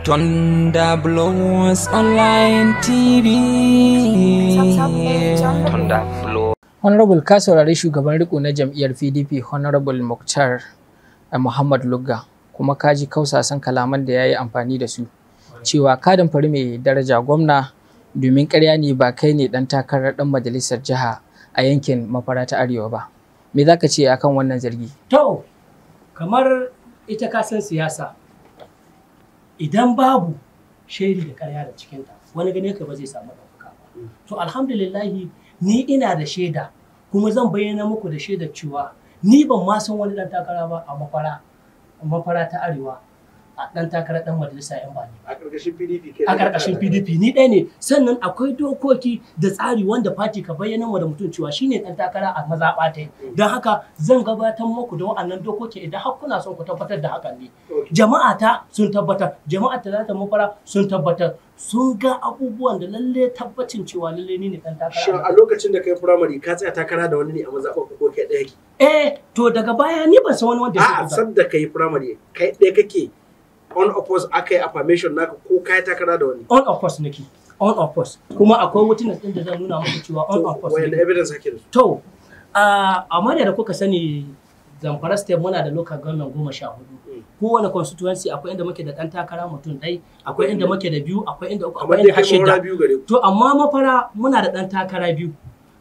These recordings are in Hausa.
Thunderblows Online TV. Honorable ka saurari shugaban riko na jam'iyyar PDP Honorable Mukhtar eh, Muhammad Lugga kuma ka ji kausasan kalaman da ya yi amfani da su cewa ka damfari mai daraja gwamna domin ƙarya ne ba kai ne ɗan takarar ɗan majalisar jiha a yankin mafara arewa ba. Me za ka ce akan wannan zargi? To, kamar ita kasan siyasa idan babu shaidi da karya da cikinta wani gane ka ba zai samu ɗaukaka ba to alhamdulillahi ni ina da shaida kuma zan bayyana muku da shaidar cewa ni ban ma san wani ɗan takara ba a mafara mafara ta arewa a ɗan takarar ɗan majalisa yan ba a ƙarƙashin PDP a ƙarƙashin PDP ni ɗaya ne sannan akwai dokoki da tsari wanda fati ka bayyana wa da mutum cewa shine ɗan takara a mazaɓa ta mm. don haka zan gabatar muku da wa'annan dokoki idan har kuna son ku tabbatar da hakan ne jama'a ta sun tabbatar jama'a ta za ta mafara sun tabbatar sun ga abubuwan da lalle tabbacin cewa lalle ni ne ɗan takara shin a lokacin da kai firamare ka tsaya takara da wani ne a mazaɓa ko kai ɗaya eh to daga baya ni ban san wani wanda ya a san da kai firamare kai ɗaya kake on of us aka yi affirmation naka ko kai takara da wani on of us nake on of us kuma akwai witness din da zan nuna muku cewa on of us wani evidence ake da to a amma da kuka sani zamfara state muna da local government goma sha hudu hmm. kowane constituency akwai inda muke da dan takara mutum dai akwai hmm. inda muke da biyu akwai inda uku akwai inda hashe da to amma mafara muna da dan takara biyu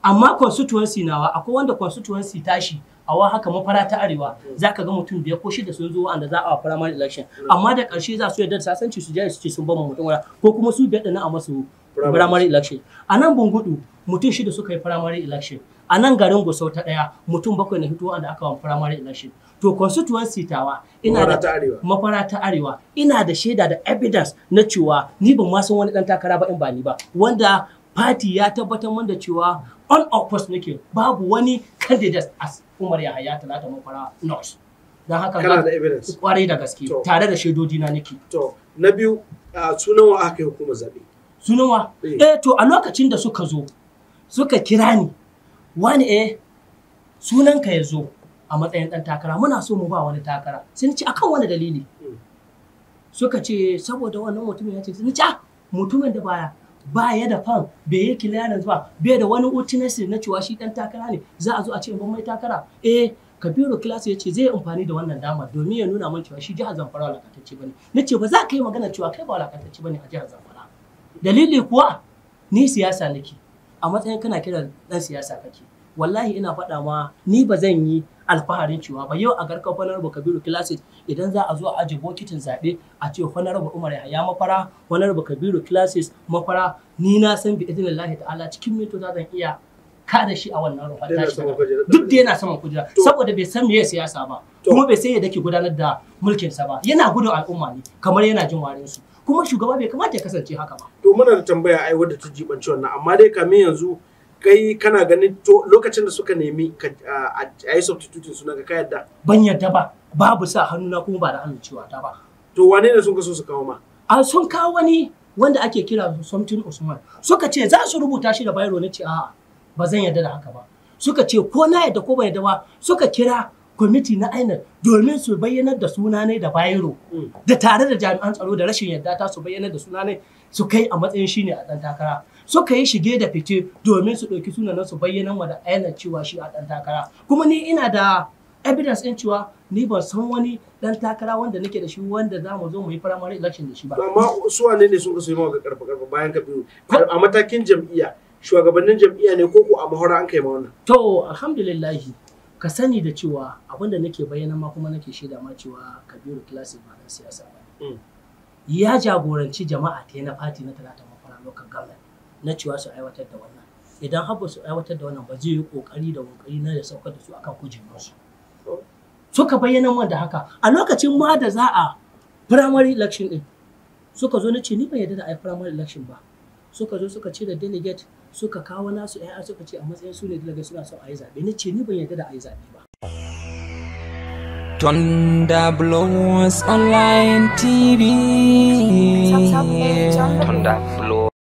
amma constituency nawa akwai wanda constituency tashi a wa haka mafara ta arewa zaka ga mutum biyar ko shida sun zo wanda za a primary election amma da karshe za su yarda da sasanci su je su ce sun ba mutum wala ko kuma su biyar na a masu primary election a nan bungudu mutum shida suka yi primary election a nan garin gusau ta daya mutum bakwai na hito wanda aka wa primary election to constituency tawa ina da mafara ta arewa ina da shaida da evidence na cewa ni ban ma san wani dan takara ba in ba ni ba wanda fati ya tabbatar mun da cewa on of course nake babu wani candidate as Umar Yahaya Talata Makwara North. Don haka kana da evidence kwarai da gaske tare da shaidodi na nake. To na biyu sunan wa aka yi hukumar zabe. Sunan wa? Eh. eh to a lokacin da suka zo suka kira ni wani eh sunanka ya zo a matsayin ɗan takara muna so mu ba wani takara sun ci akan wani dalili hmm. suka ce saboda wannan mutumin ya ce sun ci ah, mutumin da baya ba ya da fan bai yi clearance ba bai da wani witness na cewa shi dan takara ne za a zo a ce ban mai takara eh kabiru class ya ce zai yi amfani da wannan dama domin ya nuna min cewa shi jihar zamfara walakatacce bane na ce ba za ka yi magana cewa kai ba walakatacce bane a jihar zamfara dalili kuwa ni siyasa nake a matsayin kana kiran dan siyasa kake wallahi ina faɗa ma ni ba zan yi alfaharin cewa ba yau a garkar honorable kabiru classic idan za a zo a ajiye bokitin zaɓe a ce honorable umar yahaya mafara honorable kabiru classic mafara ni na san bi idinin lahi ta'ala cikin mito za zan iya kada shi a wannan rufa duk da yana saman kujera saboda bai san meye siyasa ba kuma bai san yadda ke gudanar da mulkin sa ba yana gudun al'umma ne kamar yana jin warin su kuma shugaba bai kamata ya kasance haka ba to muna da tambaya ai wadda ta jibanci wannan amma dai kamin yanzu kai kana ganin to lokacin da suka nemi a yi substitution suna ka yadda ban yadda ba babu sa hannu na kuma ba da amincewa ta ba to wane ne sun ka su kawo ma a sun kawo wani wanda ake kira something Usman suka ce za su rubuta shi da bayro na ce a'a ba zan yadda da haka ba suka ce ko na yadda ko ba yadda ba suka kira kwamiti na aina domin su bayyanar da suna ne da bayero mm. da tare da jami'an tsaro da rashin yadda ta su bayyanar da suna ne su kai a matsayin shine a dan takara suka yi shige da fice domin su ɗauki sunanan su bayyana wa da ayyana cewa shi a ɗan takara kuma ni ina da evidence ɗin cewa ni ban san wani ɗan takara wanda nake da shi wanda za mu zo mu yi primary election da shi ba. Amma su wane ne sun ka yi maka karfa karfa bayan ka biyu a matakin jam'iyya shugabannin jam'iyya ne ko ko a mahora an kai ma wannan. To alhamdulillah ka sani da cewa abinda nake bayyana ma kuma nake shaida ma cewa Kabiru Classic ba siyasa ba. Mm. Ya jagoranci jama'a ta na fati na talata mafara lokacin gwamnati. na cewa su aiwatar da wannan idan har ba su aiwatar da wannan ba zai yi kokari da kokari na ya saukar da su akan kujerunsu suka bayyana mun da haka a lokacin ma da za a primary election din suka zo na ce ni ban yarda da ai primary election ba suka zo suka ce da delegate suka kawo nasu ƴaƴa suka ce a matsayin su ne delegate suna son a yi zaɓe ni ce ni ban yarda da a yi zaɓe ba Tonda Blows Online TV Tonda Blows